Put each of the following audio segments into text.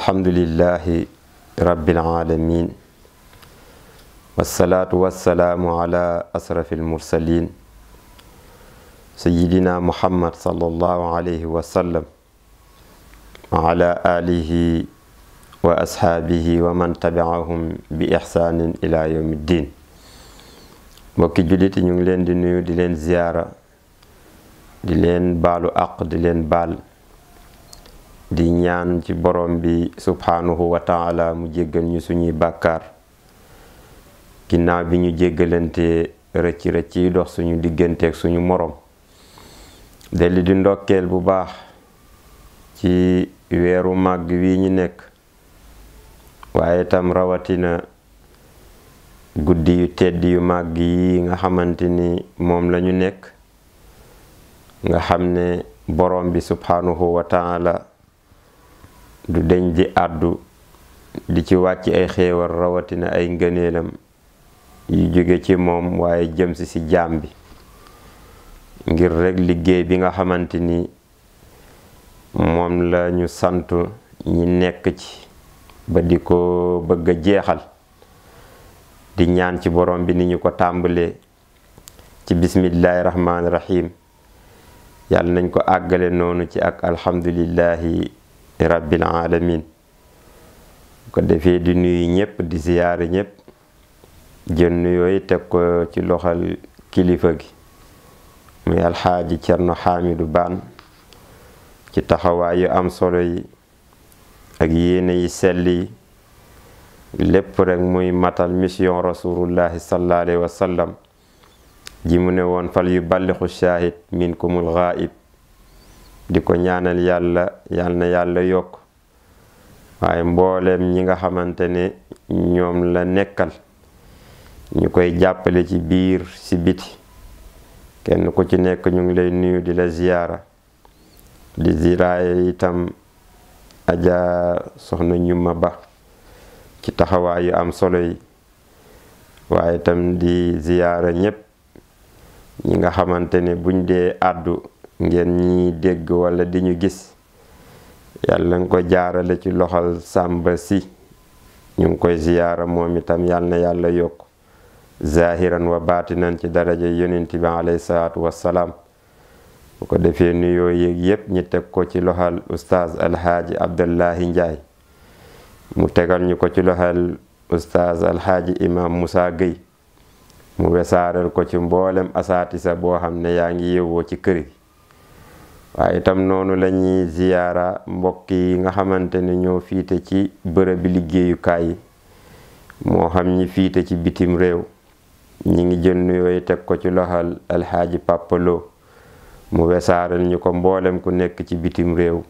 الحمد لله رب العالمين والصلاة والسلام على أسرف المرسلين سيدنا محمد صلى الله عليه وسلم وعلى آله وأصحابه ومن تبعهم بإحسان إلى يوم الدين mbokki جلت ñu دي leen زيارة دي لين بالو ziyaara دي لين baalu di ñaan ci borom bi subhanahu wa taala mu jéggal ñu suñuy bakkar ginnaaw bi ñu jéggalante rëcc rëcc yi dox suñu digganteeg suñu morom delli di ndokkeel bu baax ci weeru màgg wii ñu nekk waaye itam rawatina guddi yu tedd yu màgg yi nga xamante ni moom lañu nekk nga xam ne borom bi subhanahu wa taala du deñ di àddu di ci wàcc ay xéewal rawatina ay ngëneelam yu jóge ci moom waaye jëm si si jaam bi ngir rekk liggéey bi nga xamante ni moom la ñu sant ñi nekk ci ba di ko bëgg a jeexal di ñaan ci borom bi ni ñu ko tàmbalee ci bismillaahi rahmaani rahim yàlla nañ ko àggale noonu ci ak alhamdulillahi rabbil alamin bu ko defee di nuyu ñëpp di ziyaare ñëpp jël nuyooyu teg ko ci loxal kilifa gi muy alxaaji Cerno Xaamidu Baan ci taxawaay yu am solo yi ak yéene yi sell yi lépp rek muy matal mission rasulullahi sallallahu alayhi wa ne woon fal yu ballixu shaahid minkumul ghaib di ko ñaanal yàlla yàl na yàlla yokk waaye mboolem ñi nga xamante ne ñoom la nekkal ñu koy jàppale ci biir si biti kenn ku ci nekk ñu ngi lay nuyu di la ziyaara di ziraaye itam ajaa soxna ñuma ba ci taxawaay yu am solo yi waaye itam di ziyaara ñépp ñi nga xamante ne buñ dee àddu ngeen ñi dégg walla di ñu gis yàlla nga ko jaarale ci loxol Sàmba Si ñu ngi koy ziyaara moom itam yàlla na yàlla yokk zahiran wa baati baatinan ci daraja yonent bi alayhi salaam bu ko defee nuyoo yéeg yépp ñi teg ko ci loxal ustaaz alxaaji abdullahi njaay mu tegal ñu ko ci loxal ustaaz alxaaji imam Moussa Gueye mu wesaaral ko ci mboolem asaatisa boo xam ne yaa ngi yewwoo ci kër gi waaye itam noonu la ñuy ziyaara mbokk yi nga xamante ne ñoo fiite ci bërëbi liggéeyukaay yi moo xam ñi fiite ci bitim réew ñi ngi jënd yooyu teg ko ci loxal alxaaji pàppalo mu wesaaral ñu ko mboolem ku nekk ci bitim réew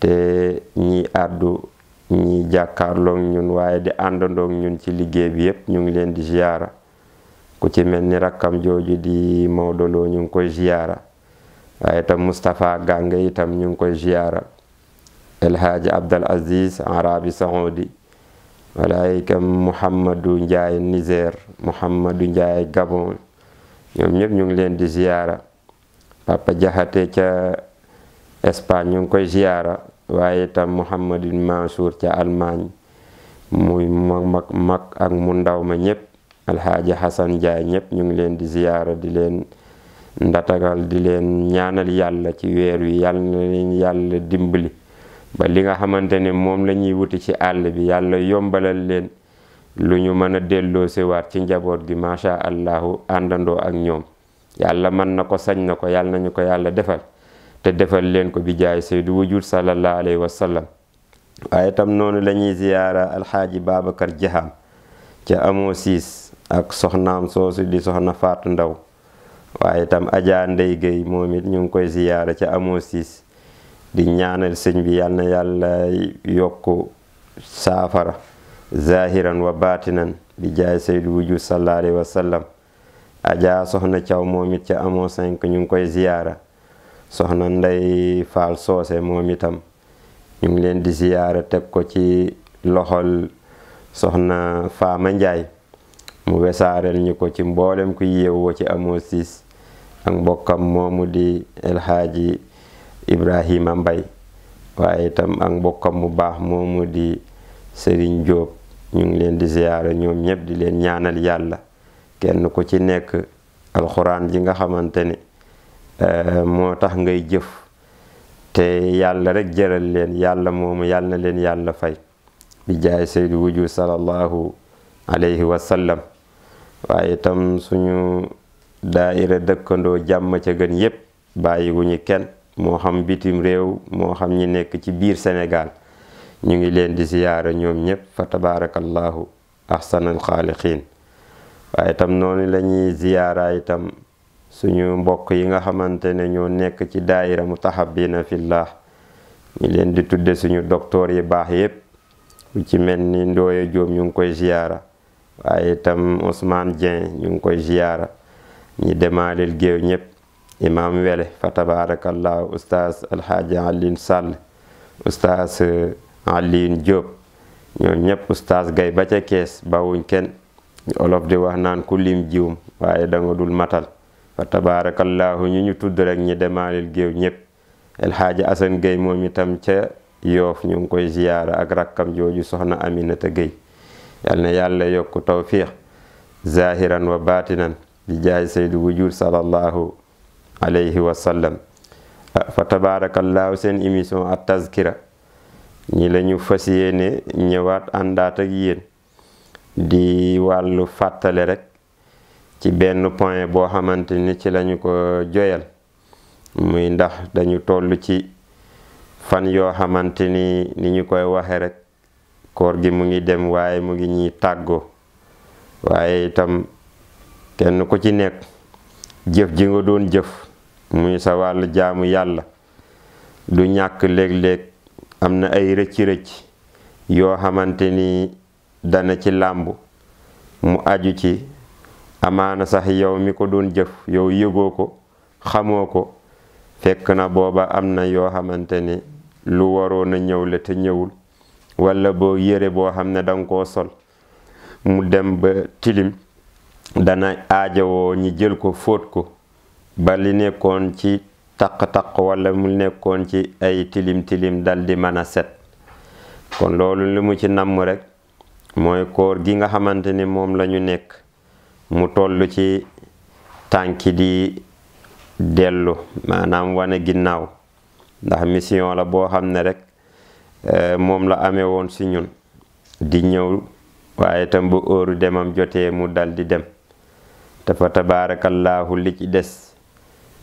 te ñiy àddu ñiy jàkkaarloog ñun waaye di àndandoog ñun ci liggéey bi yépp ñu ngi leen di ziyaara ku ci mel ni rakkam jooju di maw daloo ñu ngi koy ziyaara waaye itam Moustapha Gange itam ñu ngi koy ziyaara El Hadj Abdal Aziz Arabi Saoudi walaay itam Mouhamadou njaay Niger Mouhamadou Ndiaye Gabon ñoom ñëpp ñu ngi leen di ziyaara Papa Jaxate ca Espagne ñu ngi koy ziyaara waaye itam Mouhamadou Mansour ca Allemagne mu mag mag ak mu ndaw ma ñëpp El Hadj Hassan Ndiaye ñëpp ñu ngi leen di ziyaara di leen. ndatagal di leen ñaanal yàlla ci weer wi yàlla na yàlla dimbali ba li nga xamante ne moom lañuy ñuy wuti ci àll bi yàlla yombalal leen lu ñu mën a delloo siwaat ci njaboot gi macha allahu àndandoo ak ñoom yàlla mën na ko sañ na ko yàlla nañu ko yàlla defal te defal leen ko bi jaay saydu wujud sallallahu alayhi wa sallam waaye tam noonu lañuy ñuy ziyaara alxaaji Babacar Jaxam ca amoo siis ak soxnaam soosu di soxna Faatu Ndaw waaye itam Adja Ndeye Gueye moom it ñu ngi koy ziyaara ci amoo siis di ñaanal sëñ bi yal na yàlla yokk saafara zahiran wa batinan di jaay saydu wujud sallallahu alayhi wa sallam Adja soxna caw moom it ca amoo cinq ñu ngi koy ziyaara soxna Ndey Faal Soose moom itam ñu ngi leen di ziyaara teg ko ci loxol soxna Faama Njaay mu wesaareel ñu ko ci mboolem ku yeewoo ci amoo siis ak mbokkam moomu di elxaaji ibrahima mbay waaye itam ak mbokkam mu baax moomu di sëriñ jóob ñu ngi leen di ziyaara ñoom ñëpp di leen ñaanal yàlla kenn ku ci nekk alxuraan ji nga xamante ne eh, moo tax ngay jëf te yàlla rek jëral leen yàlla moomu yàlla na leen yàlla fay bi jaay saydu wujud sallallahu alayhi wa sallam waaye itam suñu daaira dëkkandoo jàmm ca gën yépp bàyyiwuñu kenn moo xam bitim réew moo xam ñi nekk ci biir Sénégal ñu ngi leen di siyaara ñoom ñépp fa tabaarakallaahu ahsanal xaaliqiin waaye itam noonu lañuy ñuy ziyaara itam suñu mbokk yi nga xamante ne ñoo nekk ci daaira mutahabbina fillah ñu leen di tudde suñu docteur yi baax yépp ci mel ni ndooye joom ñu ngi koy ziyaara waaye itam Ousmane Dieng ñu ngi koy ziyaara ñu demaalil géew ñëpp imaam wele fa tabarakallahu oustaz alhaaji Alioune Sall oustaz euh, Alioune Diop ñoom ñëpp oustaz gay ba ca kees bawuñ kenn olof di wax naan ku lim jiwum waaye da dul matal fa tabarakallahu ñu ñu tudd rek ñu demaalil géew ñëpp alhaaji Assane Gueye moom itam ca yoof ñu ngi koy ziyaara ak rakkam jooju soxna Aminata Gueye yal yàlla yokk tawfiq zahiran wa batinan bi jaay saydu wujud sallallahu alayhi wa sallam fa tabaarakallaahu seen émission at tazkira ñi lañu ñu fas yéene ñëwaat àndaat ak di wàllu fàttale rekk ci benn point boo xamante ni ci lañu ko joyal muy ndax dañu toll ci fan yoo xamante ni ni koy waxe rek koor gi mu ngi dem waaye mu ngi ñuy tàggoo waaye itam kenn ku ci nekk jëf ji nga doon jëf muy sa wàll jaamu yàlla du ñàkk léeg-léeg am na ay rëcc-rëcc yoo xamante ni dana ci làmb mu aju ci amaana sax yow mi ko doon jëf yow yëgoo ko xamoo ko fekk na booba am na yoo xamante ni lu waroon a ñëw te ñëwul wala boo yére boo xam ne danga ko sol mu dem ba tilim dana aajowoo ñi jël ko fóot ko ba li nekkoon ci taq-taq wala mu nekkoon ci ay tilim-tilim dal di mën a set kon loolu li mu ci namm rek mooy koor gi nga xamante ni moom lañu nekk mu toll ci tànki di dellu maanaam wane ginnaaw ndax mission la boo xam ne rek Eh, moom la amee woon si ñun di ñëw waaye tam bu heure demam jotee mu dal di dem dafa tabaarakallaahu li ci des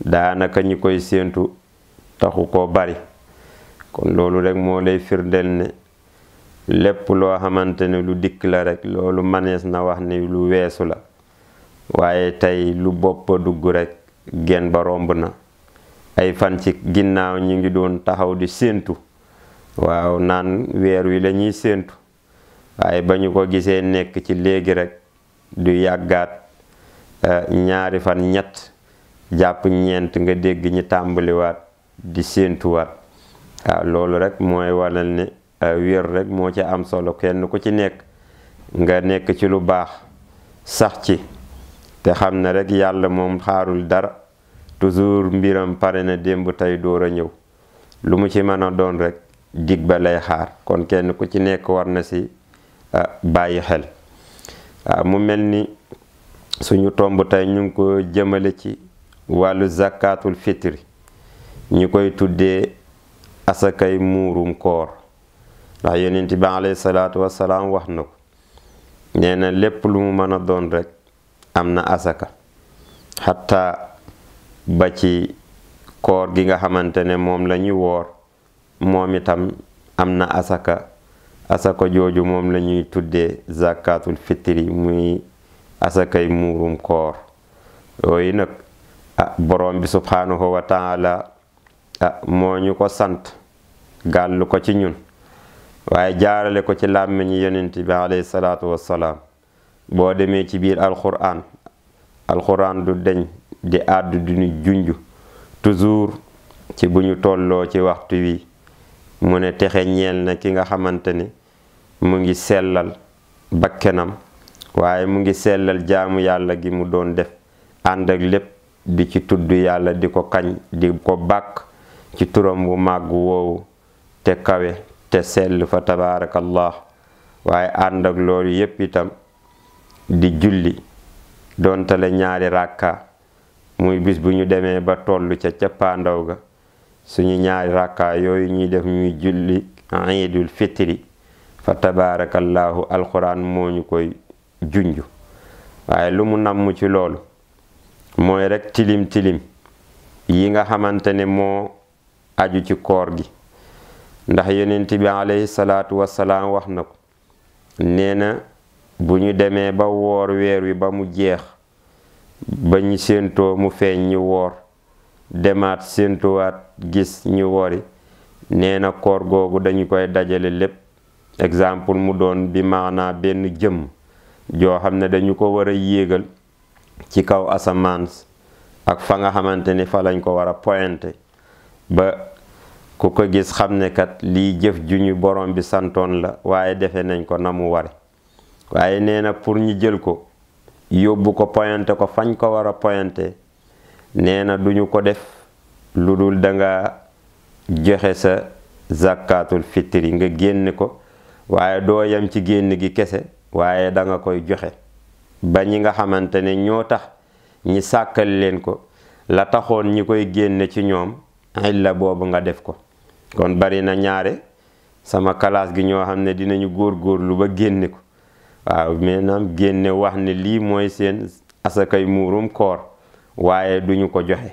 daanaka ñi koy séentu taxu koo bari kon loolu rek moo lay firndel ne lépp loo xamante ne lu dikk la rek loolu manees na wax ni lu weesu la waaye tey lu boppa dugg rek gen ba romb na ay fan ci ginnaaw ñi ngi doon taxaw di séentu waaw naan weer wi lañuy séentu waaye ba ñu ko gisee nekk ci léegi rek du yàggaat eh, ñaari fan ñett jàpp ñeent nga dégg ñi tàmbaliwaat di séentuwaat waaw loolu rekk mooy walal ne eh, wér rekk moo ci am solo kenn ku ci nekk nga nekk ci lu baax sax ci te xam na rekk yàlla moom xaarul dara toujours mbiram pare na démb tey door a ñëw lu mu ci mën a doon rek dig ba lay xaar kon kenn ku ci nekk war na si ah, bàyyi xel ah, mu mel ni suñu tomb tey ñu ngi ko jëmale ci wàllu zakaatul fitri ñu koy tuddee asakay muurum koor ndax yonent bi alayhi salaatu wax na ko nee lépp lu mën a doon rekk am na asaka xatta ba ci koor gi nga xamante ne moom lañuy woor moom itam am na asaka asaka jooju moom la ñuy tuddee zakatul fitri muy asakay muurum koor yooyu nag ah borom bi subhanahu wa taala ah moo ñu ko sant gàll ko ci ñun waaye jaarale ko ci làmmiñ yonente bi alayhi salaatu wassalaam boo demee ci biir alquran alquran du deñ di àddu di nu junj toujours ci bu ñu tolloo ci waxtu wi mu ne texe ñeel na ki nga xamante ni mu ngi sellal bakkenam waaye mu ngi sellal jaamu yàlla gi mu doon def ànd ak lépp di ci tudd yàlla di ko kañ di ko bàkk ci turam bu màgg woowu te kawe te sell fa tabaarakallah waaye ànd ak loolu yépp itam di julli doontale ñaari rakka muy bis bu ñu demee ba tollu ca cappaandaw ga suñu ñaari rakka yooyu ñu def ñu julli iidul fitri fa tabaarakallaahu alquran moo ñu koy junj waaye lu mu namm ci loolu mooy rekk tilim tilim yi nga xamante ne moo aju ci koor gi ndax yonent bi alayhi salaatu salaam wax na ko nee na bu ñu demee ba woor weer wi ba mu jeex ba ñu séentoo mu feeñ ñi woor demaat séentuwaat gis ñu wori nee na koor googu dañu koy dajale lépp exemple mu doon bi maanaa benn jëmm joo xam ne dañu ko war a yéegal ci kaw asamaan ak fa nga xamante ni fa lañ ko war a pointé ba ku ko gis xam ne kat lii jëf ju ñu borom bi santoon la waaye defe nañ ko na mu ware waaye nee na pour ñu jël ko yóbbu ko pointé ko fañ ko war a pointé nee na duñu ko def lu dul danga joxe sa zakaatul fitri nga génn ko waaye doo yam ci génn gi kese waaye danga koy joxe ba ñi nga xamante ne ñoo tax ñi sàkkal leen ko la taxoon ñi koy génne ci ñoom illa boobu nga def ko kon bari na ñaare sama kalaas gi ñoo xam ne dinañu góorgóorlu ba génne ko waaw maanaam génne wax ne lii mooy seen asakay muurum koor waaye duñu ko joxe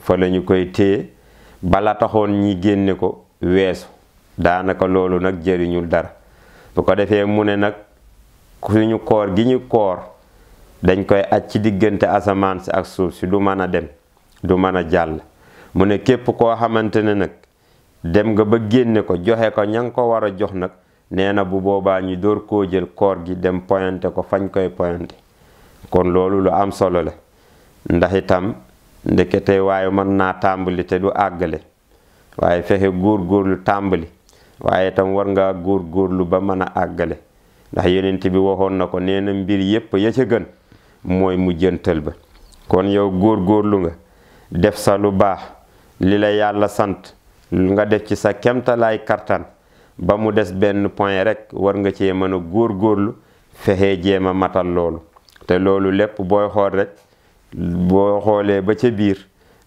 fa lañu koy téye bala taxoon ñi génne ko weesu daanaka loolu nag jëriñul dara bu ko defee mu ne nag suñu koor gi ñu koor dañ koy aj ci diggante asamaan si ak suuf si du mën a dem du mën a jàll mu ne képp koo xamante ne nag dem nga ba génne ko joxe ko ña nga ko war a jox nag nee na bu boobaa ñu dóor koo jël koor gi dem poyante ko fañ koy poyante kon loolu lu am solo la ndax itam ndekete waaye mën naa tàmbali te du àggale waaye fexe góor-góorlu tàmbali waaye itam war ngaa góor-góorlu ba mën a àggale ndax yonent bi waxoon na ko nee mbir yëpp ya ca gën mooy mujjantal ba kon yow góor-góorlu nga def sa lu baax li la yàlla sant nga def ci sa kemtalaay kartan ba mu des benn point rek war nga cee mën a góor-góorlu fexe jéem a matal loolu te loolu lépp booy xool rek boo xoolee ba ca biir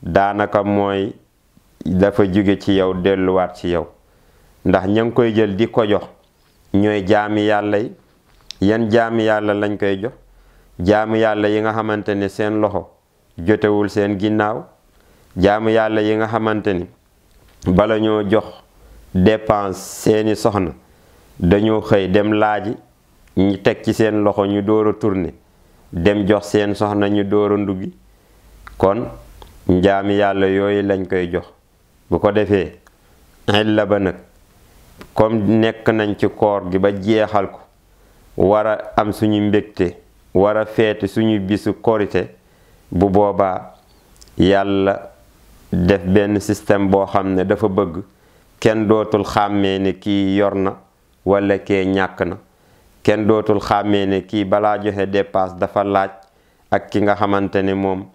daanaka mooy dafa jóge ci yow delluwaat ci yow ndax ña ngi koy jël di ko jox ñooy jaami yàlla yi yan jaami yàlla lañ koy jox jaami yàlla yi nga xamante ne seen loxo jotewul seen ginnaaw jaamu yàlla yi nga xamante ni bala ñoo jox dépense seeni soxna dañoo xëy dem laaji ñu teg ci seen loxo ñu doora a dem jox seen soxna ñu door nduggi kon njaam yàlla yooyu lañ koy jox bu ko defee illa ba nag comme nekk nañ ci koor gi ba jeexal ko war a am suñu mbégte war a feete suñu bisu korite bu boobaa yàlla def benn système boo xam ne dafa bëgg kenn dootul xàmmee ni kii yor na walla kee ñàkk na kenn dootul xàmmee ne kii balaa joxe dépense dafa laaj ak ki nga xamante ne moom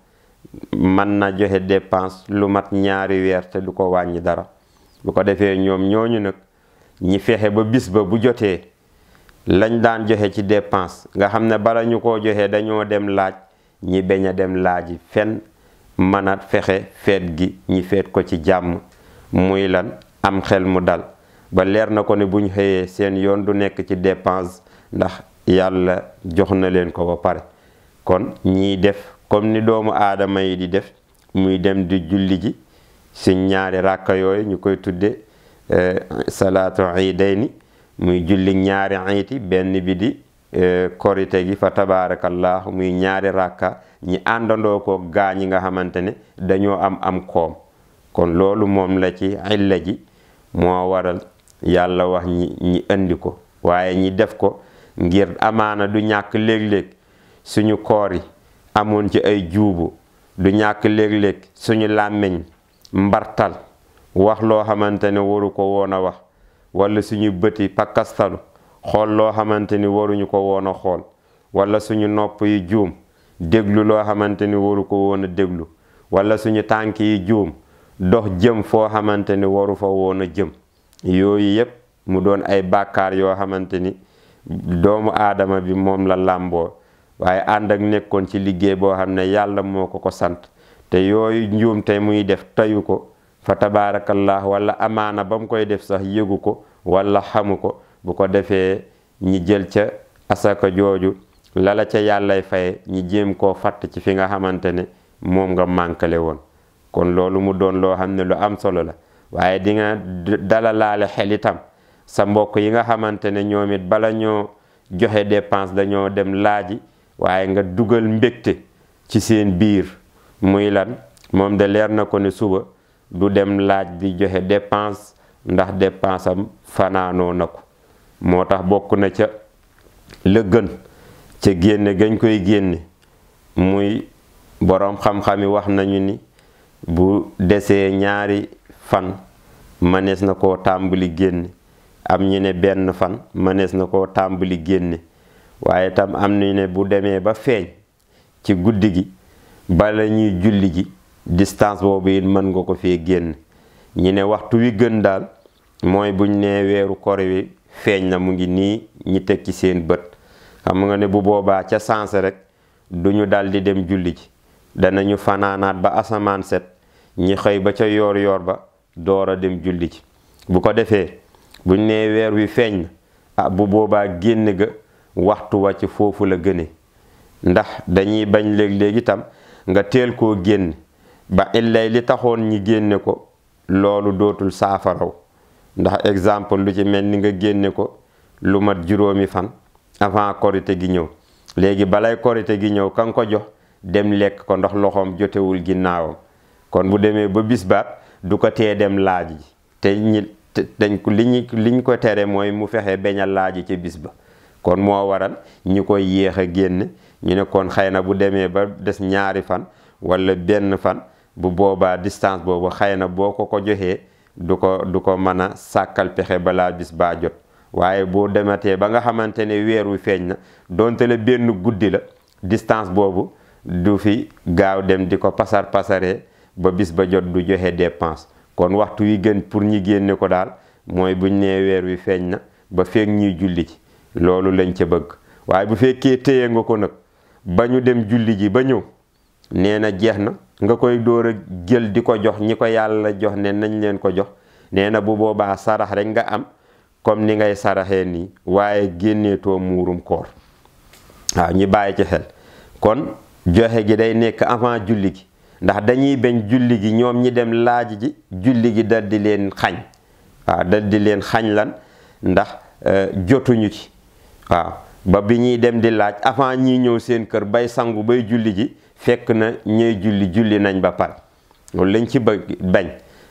mën na joxe dépense lu mat ñaari weer te du ko wàññi dara bu ko defee ñoom ñooñu nag ñi fexe ba bis ba bu jotee lañ daan joxe ci dépense nga xam ne bala ñu koo joxe dañoo dem laaj ñi beñ a dem laaji fenn mën fexe feet gi ñi feet ko ci jàmm muy lan am xel mu dal ba leer na ko ne buñ xëyee seen yoon du nekk ci dépense ndax yàlla jox na leen ko ba pare kon ñiy def comme ni doomu aadama yi di def muy dem di julli ji si ñaari ràkka yooyu ñu koy tudde eh, salaatu iidayni muy julli ñaari iiti benn bi di eh, korite gi fa tabarakallahu muy ñaari ràkka ñi àndandoo ko gaa ñi nga xamante ne dañoo am am koom kon loolu moom la ci illa ji moo waral yàlla wax ñi ñi ko waaye ñi def ko ngir amaana du ñàkk léeg-léeg suñu koor yi amoon ci ay juubu du ñàkk léeg-léeg suñu làmmiñ mbartal wax loo xamante ne waru ko woon a wax walla suñu bëti pakkastalu xool loo xamante ni waruñu ko woon a xool wala suñu nopp yi juum déglu loo xamante ni waru ko woon a déglu wala suñu tànk yi juum dox jëm foo xamante ni waru fa woon a jëm yooyu yépp mu doon ay bàkkaar yoo xamante ni doomu aadama bi moom la làmboo waaye ànd ak nekkoon ci liggéey boo xam ne yàlla moo ko ko sant te yooyu njuum tey muy def tayu ko fa tabaarakallaah wala amaana ba mu koy def sax yëgu ko wala xamu ko bu ko defee ñi jël ca asaka jooju la la ca yàllay faye ñi jéem koo fatt ci fi nga xamante ne moom nga manqué woon kon loolu mu doon loo xam ne lu am solo la waaye di nga dalalaale xel itam sa mbokk yi nga xamante ne ñoom it bala ñoo joxe dépense dañoo dem laaji waaye nga dugal mbégte ci seen biir muy lan moom de leer na ko ne suba du dem laaj di joxe dépense ndax dépense am fanaanoo na ko moo tax bokk na ca la gën ca génne gañ koy génne muy boroom xam-xami wax nañu ni bu desee ñaari fan mënees na ko tàmbali génne am ñu ne benn fan mënees na koo tàmbali génne waaye tam am ñu ne bu demee ba feeñ ci guddi gi bala ñuy julli gi distance boobu it mën nga ko fee génn ñu ne waxtu wi gën daal mooy buñ nee weeru kor wi feeñ na mu ngi nii ñi teg ci seen bët xam nga ne bu boobaa ca sens rekk duñu dal di dem julli ji danañu fanaanaat ba asamaan set ñi xëy ba ca yoor yoor ba doora dem julli ji bu ko defee buñ ne weer wi feeñ ah bu boobaa génn ga waxtu wàcc foofu la gëne ndax dañuy bañ léeg-léegi itam nga teel koo génn ba illay li taxoon ñi génne ko loolu dootul saafaraw ndax exemple lu ci mel ni nga génne ko lu mat juróomi fan avant korite gi ñëw léegi balay korite gi ñëw kan ko jox dem lekk ko ndax loxoom jotewul ginnaawam kon bu demee ba bisbaat du ko tee dem laaj ji te ñi dañ liñ liñ ko tere mooy mu fexe beñal laaji ci bis ba kon moo waral ñu koy yéex a génn ñu ne kon xëy na bu demee ba des ñaari fan wala benn fan bu boobaa distance boobu xëy na boo ko ko joxee du ko du ko mën a sàkkal pexe balaa bis baa jot waaye boo dematee ba nga xamante ne weeru feeñ na donte la benn guddi la distance boobu du fi gaaw dem di ko pasar pasaree ba bis ba jot du joxe dépense kon waxtu wi gën pour ñi génne ko daal mooy buñ nee wi feeñ na ba feeg ñuy julli ji loolu lañ ca bëgg waaye bu fekkee téye nga ko nag ba ñu dem julli ji ba ñëw nee na jeex na nga koy dóor a jël di ko jox ñi ko yàlla jox ne nañ leen ko jox nee na bu boobaa sarax rek nga am comme ni ngay saraxee nii waaye génneetoo muurum koor waaw ñi bàyyi ci xel kon joxe gi day nekk avant julli gi ndax dañuy bañ julli gi ñoom ñi dem laaj ji julli gi dal leen xañ waaw dal leen xañ lan ndax euh, jotuñu ci waaw ba bi ñuy dem di laaj avant ñi ñëw seen kër bay sangu bay julli ji fekk na ñey julli julli nañ ba pare loolu lañ ci ba bañ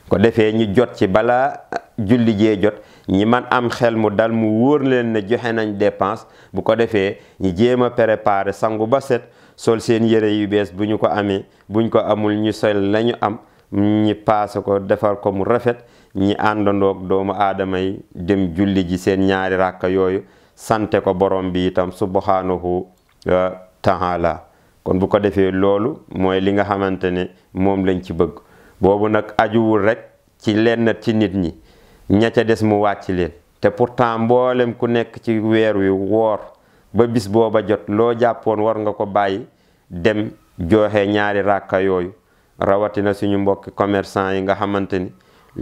ko defee ñu jot ci balaa julli jee jot ñi man am xel mu dal mu wóor leen ne joxe nañ dépense bu ko defee ñu jéem a préparer sangu ba set sol seen yére yu bees bu ñu ko amee buñ ko amul ñu sol lañu am ñi paase ko defar ko mu rafet ñi àndandoog doomu aadama yi dem julli ji seen ñaari ràkka yooyu sante ko borom bi itam su subhanahu wa uh, taala kon bu ko defee loolu mooy li nga xamante ne moom lañ ci bëgg boobu nag ajuwul rek ci lenn ci nit ñi ña des mu wàcc leen te pourtant mboolem ku nekk ci weer wi woor ba bis booba jot loo jàppoon war nga ko bàyyi dem joxe ñaari ràkka yooyu rawatina suñu mbokki commerçant yi nga xamante ni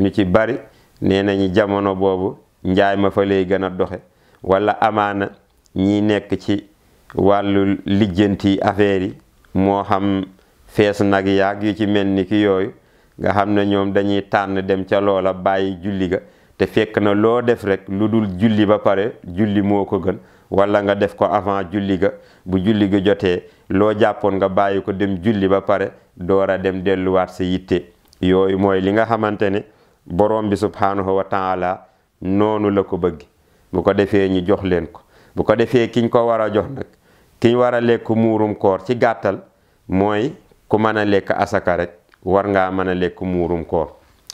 ñu ci bari nee nañu jamono boobu njaay ma fa lay gën a doxe wala amaana ñi nekk ci wàllu lijjanti affaire yi moo xam fees nag yaag yu ci mel ni ki yooyu nga xam ne ñoom dañuy tànn dem ca loola bàyyi julli ga te fekk na loo def rek lu dul julli ba pare julli moo ko gën walla nga def ko avant julli ga bu julli ga jotee loo jàppoon nga bàyyi ko dem julli ba pare door a dem delluwaat sa yitte yooyu mooy li nga xamante ne borom bi subhanahu wa taala noonu la ko bëgg bu ko defee ñu jox leen ko bu ko defee kiñ ko war a jox nag kiñ war a lekk muurum koor ci gàttal mooy ku mën a lekk asaka rek war ngaa mën a lekk muurum koor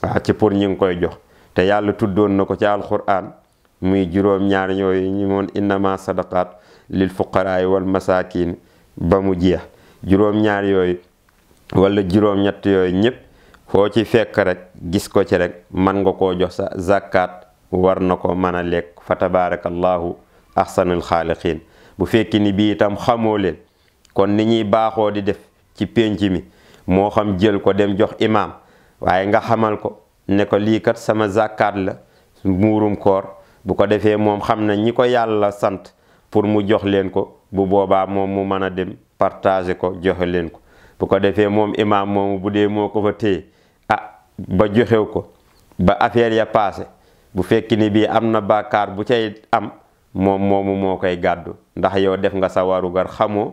waa ci pour ñi ngi koy jox te yàlla tuddoon na ko ci alquran muy juróom-ñaar yooyu ñu moon innama sadaqat lil fuqaraay wal masaakin ba mu jeex juróom-ñaar yooyu wala juróom-ñett yooyu ñëpp foo ci fekk rek gis ko ci rek man nga koo jox sa zakat war na ko mën a lekk fa tabarakallahu ahsanul xaaliqin bu fekki ni bii itam xamoo leen kon ni ñuy baaxoo di def ci pénc mi moo xam jël ko dem jox imaam waaye nga xamal ko ne ko lii kat sama zakat la muurum koor bu ko defee moom xam na ñi ko yàlla sant pour mu jox leen ko bu boobaa moom mu mën a dem partager ko joxe leen ko bu ko defee moom imaam moomu bu dee moo ko fa téye ah ba joxew ko ba affaire ya paase bu fekki ni bii am na baakaar bu cay am moom moomu moo koy gàddu ndax yow def nga sa warugar xamoo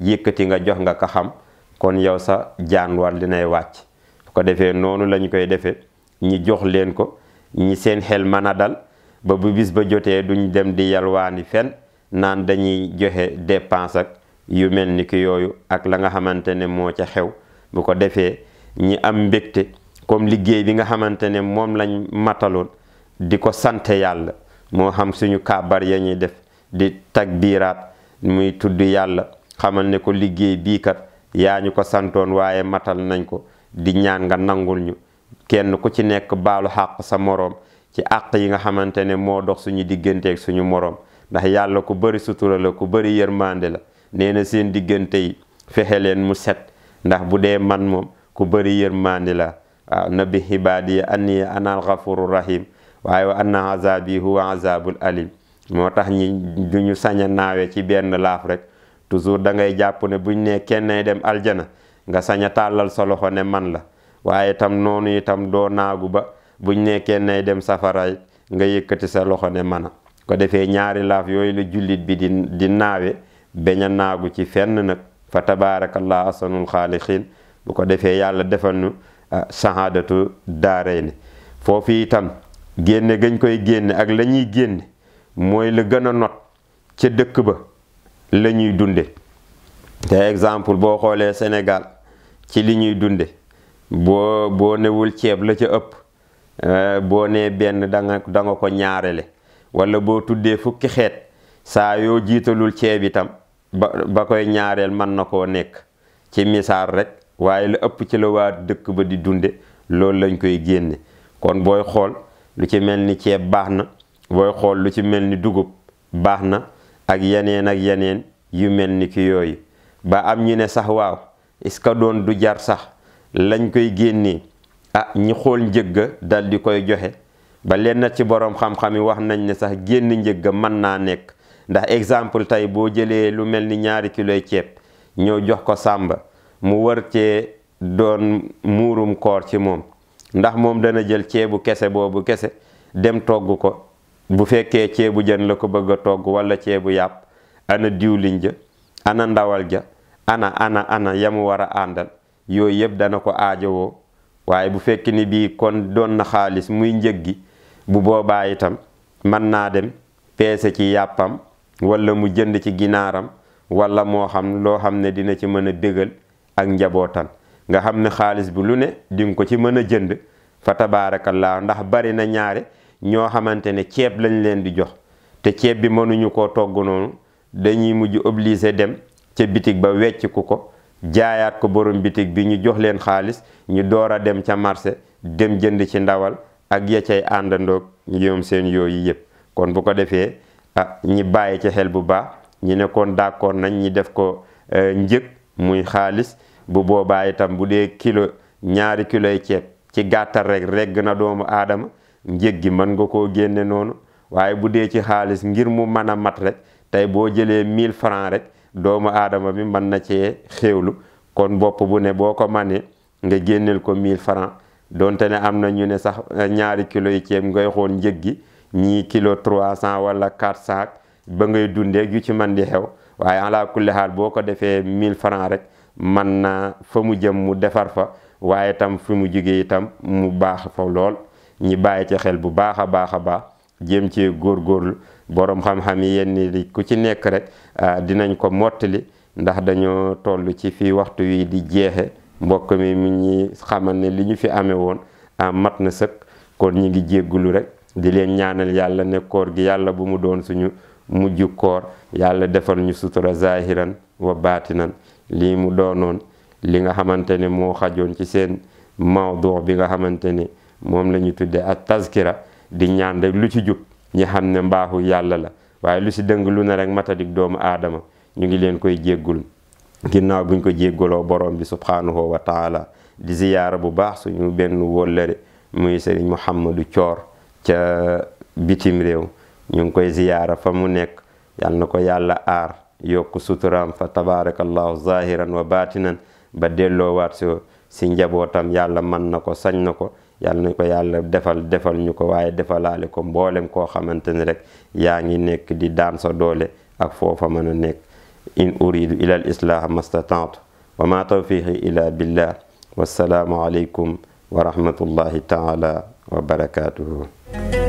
yëkkati nga jox nga ko xam kon yow sa jaan dinay wàcc bu ko defee noonu lañ koy defee ñi jox leen ko ñi seen xel mën a dal ba bu bis ba jotee duñ dem di yalwaani fen naan dañuy joxe dépense ak yu mel ni ki yooyu ak la nga xamante ne moo ca xew bu ko defee ñi am mbégte comme liggéey bi nga xamante ne moom lañ mataloon di ko sante yàlla moo xam suñu kaabar ya ñuy def di takbiraat muy tudd yàlla xamal ne ko liggéey bii kat yaa ñu ko santoon waaye matal nañ ko di ñaan nga nangul ñu kenn ku ci nekk baalu xàq sa moroom ci àq yi nga xamante ne moo dox suñu digganteeg suñu moroom ndax yàlla ko bëri sutura la ku bëri yërmande la nee seen diggante yi fexe leen mu set ndax bu dee man moom ku bëri yërmande la waaw nabi xibaadiya anni ana alxafuru rahim waaye wa anna azabi huwa azabul alim moo tax ñi duñu ñu sañ naawe ci benn laaf rek toujours da ngay jàpp ne buñ ne kenn dem aljana nga saña tàllal sa loxo ne man la waaye tam noonu itam doo naagu ba buñ nekkee nay dem safaraay nga yëkkati sa loxo ne mana ko defee ñaari laaf yooyu la jullit bi di di naawe beñ naagu ci fenn nag fa tabaarakallah asanul xaalixiin bu ko defee yàlla defal nu ah, sahaadatu daaray ne foofu itam génne gañ koy génne ak lañuy ñuy génne mooy la gën a not ca dëkk ba la ñuy dunde te exemple boo xoolee senegal ci li ñuy dunde boo boo newul ceeb la ca ëpp Eh, boo nee benn danga danga ko ñaarale walla boo tuddee fukki xeet saa yoo jiitalul ceeb itam ba ba koy ñaareel man na koo nekk ci misaar rek waaye la ëpp ci la waa dëkk ba di dunde loolu lañ koy génne kon booy xool lu ci mel ni ceeb baax na booy xool lu ci mel ni dugub baax na ak yeneen ak yeneen yu mel ni ki yooyu ba am ñu ne sax waaw iska doon du jar sax lañ koy génnee a ah, ñi xool njëg daldi koy joxe ba lenn ci boroom xam-xam yi wax nañ ne sax génn njëg ga mën naa nekk ndax exemple tey boo jëlee lu mel ni ñaari kiloy ceeb ñëw jox ko sàmba mu war cee doon muurum koor ci moom ndax moom dana jël ceebu kese boobu kese dem togg ko bu fekkee ceebu jën la ko bëgg a togg walla ceebu yàpp ana diwlin ja ana ndawal ja ana ana ana yamu war a àndal yooyu yëpp dana ko aajowoo waaye bu fekk ni bii kon doon na xaalis muy njëggi bu boobaa itam mën naa dem peese ci yàppam wala mu jënd ci ginaaram wala moo xam loo xam ne dina ci mën a dëgal ak njabootan nga xam ne xaalis bi lu ne di ko ci mën a jënd fa tabaarakallaa ndax bari na ñaare ñoo xamante ne ceeb lañ leen di jox te ceeb bi mënuñu koo togg noonu dañuy mujj obligé dem ca bitig ba wecc ku ko jaayaat ko borom bitig bi ñu jox leen xaalis ñu door a dem ca marché dem jënd ci ndawal ak ya cay ñu ñoom seen yooyu yëpp kon bu ko defee ah, ñi bàyyi ca xel bu baax ñi ne kon d'accord nañ ñi def ko euh, njëg muy xaalis bu boobaa itam bu dee kilo ñaari kiloy ceeb ci gàttal rek regg na doomu aadama njëg gi mën nga ko génne noonu waaye bu dee ci xaalis ngir mu mën a mat rek tey boo jëlee mille francs rek doomu aadama bi mën na cee xéewlu kon bopp bu ne boo ko manee nga génneel ko 1000 francs donte ne am na ñu ne sax eh, ñaari kilo yi ceeb ngay xool njëg gi ñii kilo 300 wala 400 ba ngay dundee yu ci man di xew waaye ala kulli xaal boo ko defee mille francs rek man na fa mu jëm mu defar fa waaye tam fi mu jugee itam mu baax fa lool ñi bàyyi ci xel bu baax a baax a baax jéem ci góorgóorlu boroom xam-xam yi yenn li ku ci nekk rek ah, dinañ ko mottali ndax dañoo toll ci fi waxtu wi di jeexe mbokk mi mu ñi xamal ne li ñu fi amee woon a ah, mat na sëkk kon ñi ngi jéggulu rek di leen ñaanal yàlla ne koor gi yàlla bu mu doon suñu mujj koor yàlla defal ñu sutura zahiran wa baatinan lii mu doonoon li nga xamante ne moo xajoon ci seen mawdu bi nga xamante ne moom la ñu tudde ak tazkira di ñaan rek lu ci jub ñi xam ne mbaaxu yàlla la waaye lu si dëng lu ne rek matadik doomu aadama ñu ngi leen koy jéggul ginnaaw buñ ko jéggaloo borom bi subhaanahu wa taala di ziyaara bu baax suñu benn wóllëre muy sëriñ Mouhamadou coor ca bitim réew ñu ngi koy ziyaara fa mu nekk yal na ko yàlla aar yokk suturam fa tabaarakallahu zahiran wa baatinan ba delloowaat si si njabootam yàlla man na ko sañ na ko yàlla na ko yàlla defal defal ñu ko waaye defalaale ko mboolem koo xamante ni rek yaa ngi nekk di daan sa doole ak foofa mën a nekk in uridu ila al islah mastata'tu wa ma tawfiqi ila billah wassalaamu aleykum wa rahmatullahi taala wa barakatuhu